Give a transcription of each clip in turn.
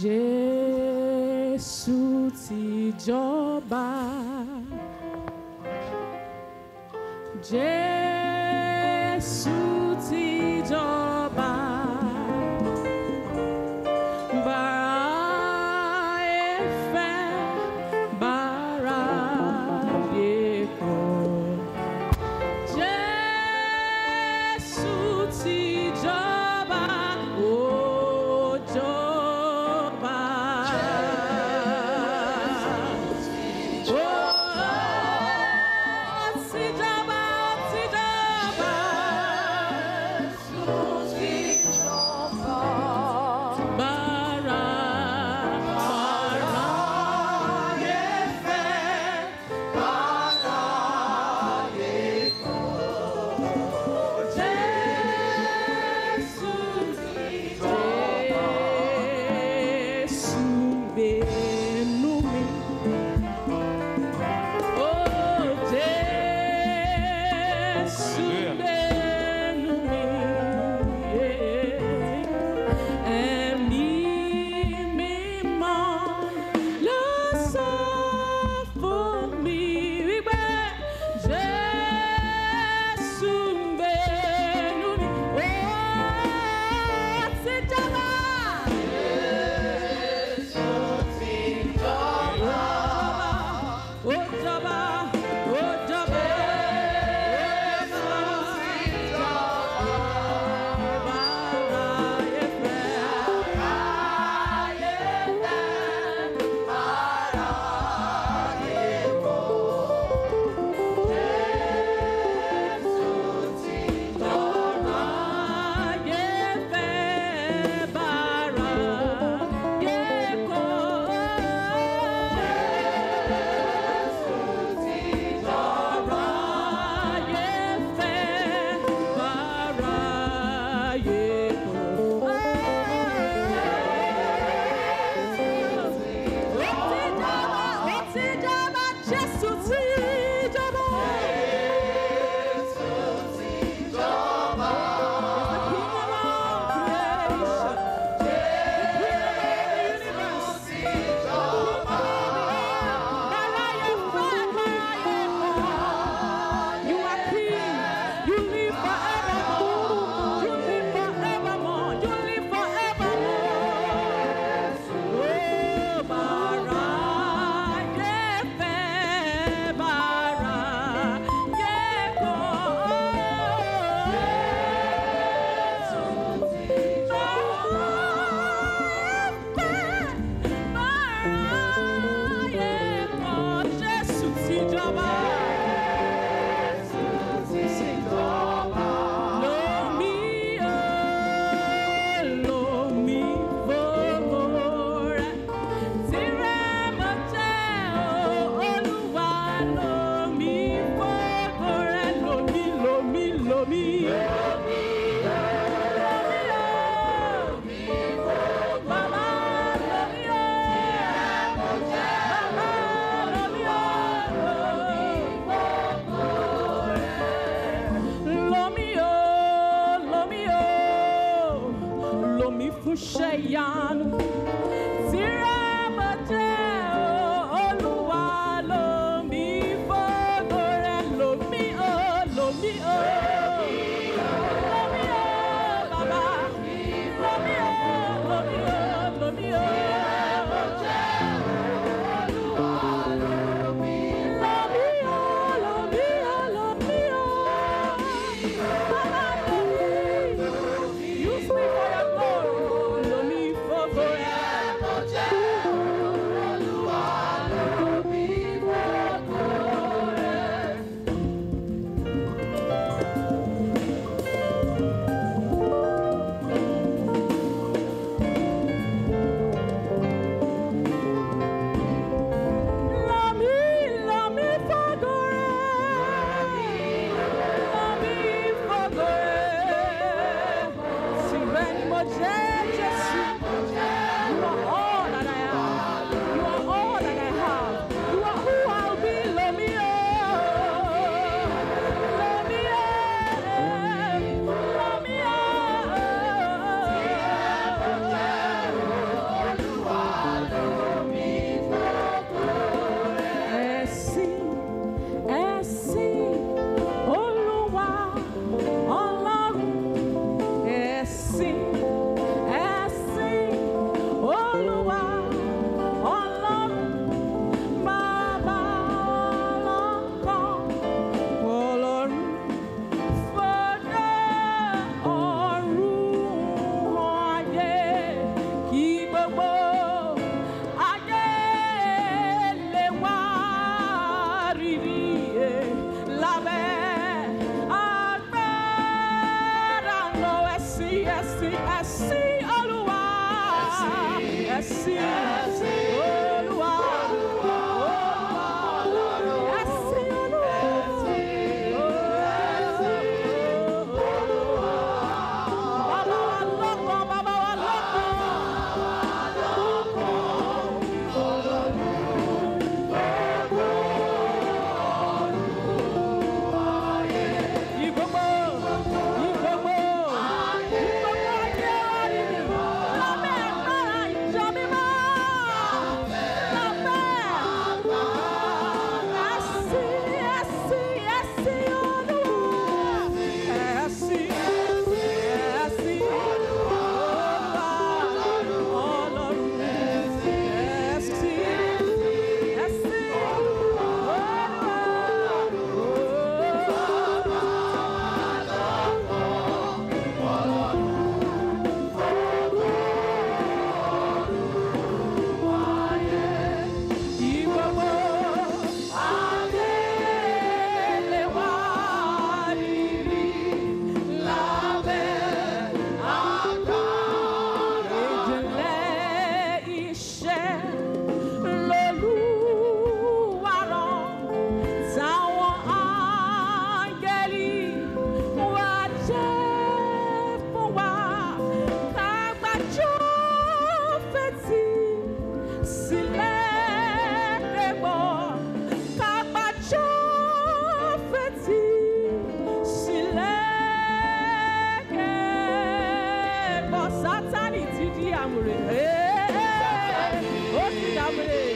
Jésù ti jọba. Jésù. É sim, Aluá. É Hey, hey, hey, hey, hey, hey, hey, hey, hey, hey,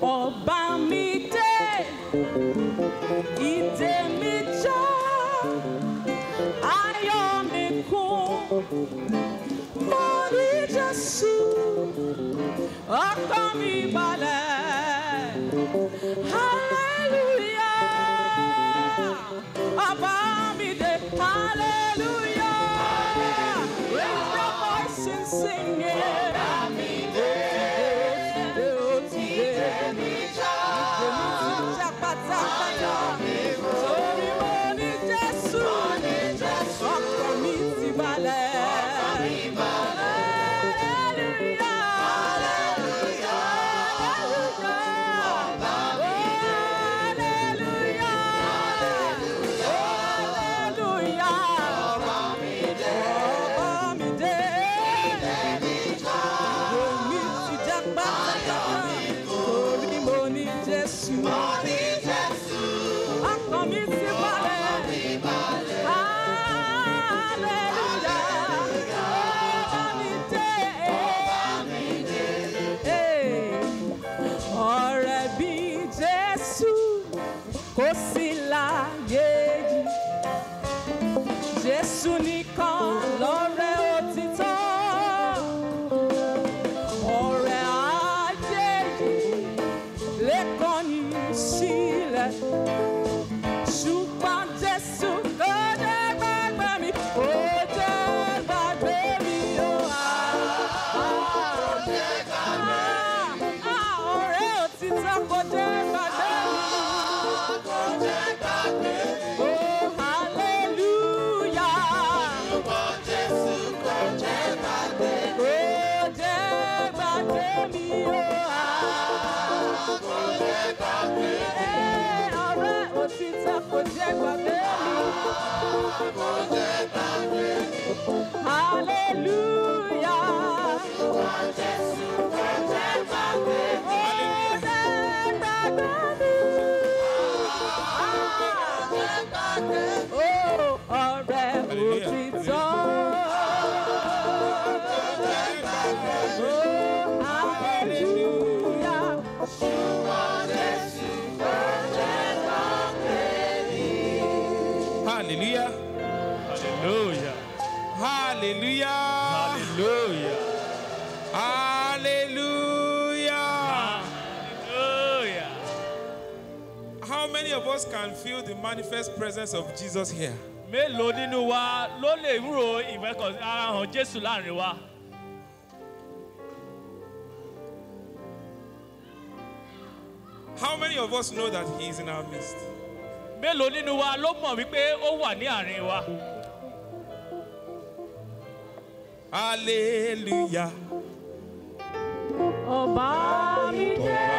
ọba mi dé ìdè mi já ayọ̀ mi Jésù ọkàn balẹ̀ hallelujah ọba dé hallelujah lift your voice and sing it. Oh, us can feel the manifest presence of Jesus here. nínú wa ló lè ara hàn Jésù láàrin wa? How many of us know that he is in our midst? Mélòó nínú wa ló mọ̀ wípé ó wà ní àárín wa? Hallelujah. Ọba mi jẹ́.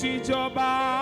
去酒吧。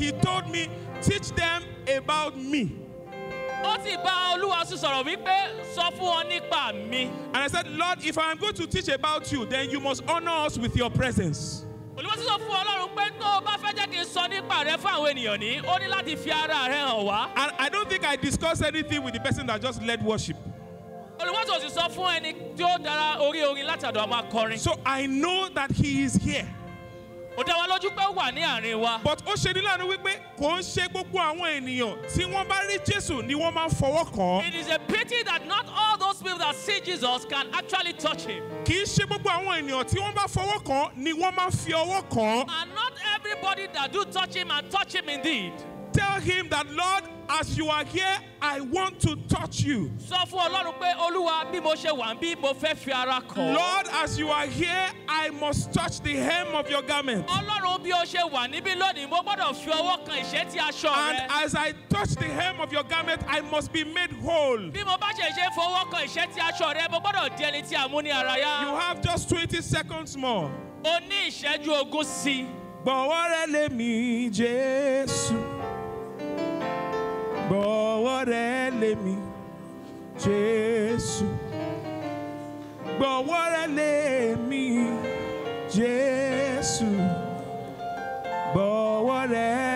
he told me, teach them about me. Ó sì bá Olúwa sọ̀rọ̀ wípé sọ fún wọn nípa mi. And I said, Lord, if I am going to teach about you, then you must honor us with your presence. Olúwa sọ fún Ọlọ́run pé tó o bá fẹ́ jẹ́ kí n sọ nípa rẹ fún àwọn ènìyàn ní, ó ní láti fi ara rẹ hàn wá. And I don't think I discussed anything with the person that just led worship. Olùwàsó sì sọ fún ẹni tí ó dára orí orin látàdọ̀ àwọn akọrin. So I know that he is here ó dá wa lójú pé ó wà ní àárín wa. but ó ṣe ní láàánú wípé kò ń ṣe gbogbo àwọn ènìyàn tí wọ́n bá rí Jésù ni wọ́n máa ń fọwọ́ kàn. it is a pity that not all those people that see Jesus can actually touch him. kì í ṣe gbogbo àwọn ènìyàn tí wọ́n bá fọwọ́ kàn ni wọ́n máa ń fi ọwọ́ kàn. and not everybody that do touch him and touch him indeed. him that, Lord, as you are here, I want to touch you. Sọ for Ọlọ́run pé Olúwa bí mo ṣe wà bí mo fẹ́ fi ara kàn. Lord, as you are here, I must touch the hem of your garment. Ọlọ́run bí o ṣe wà níbí lónìí, mo gbọ́dọ̀ fi ọwọ́ kan aṣọ rẹ. And as I touch the hem of your garment, I must be made whole. Bí mo bá ṣe ṣe kan aṣọ rẹ, mo gbọ́dọ̀ di ẹni tí ní ara yá. You have just twenty seconds more. ìṣẹ́jú ogún sí. Gbọ̀wọ́ rẹ lè mí Jésù gbọ́wọ́ rẹ mi Jésù gbọ́wọ́ rẹ mi Jésù gbọ́wọ́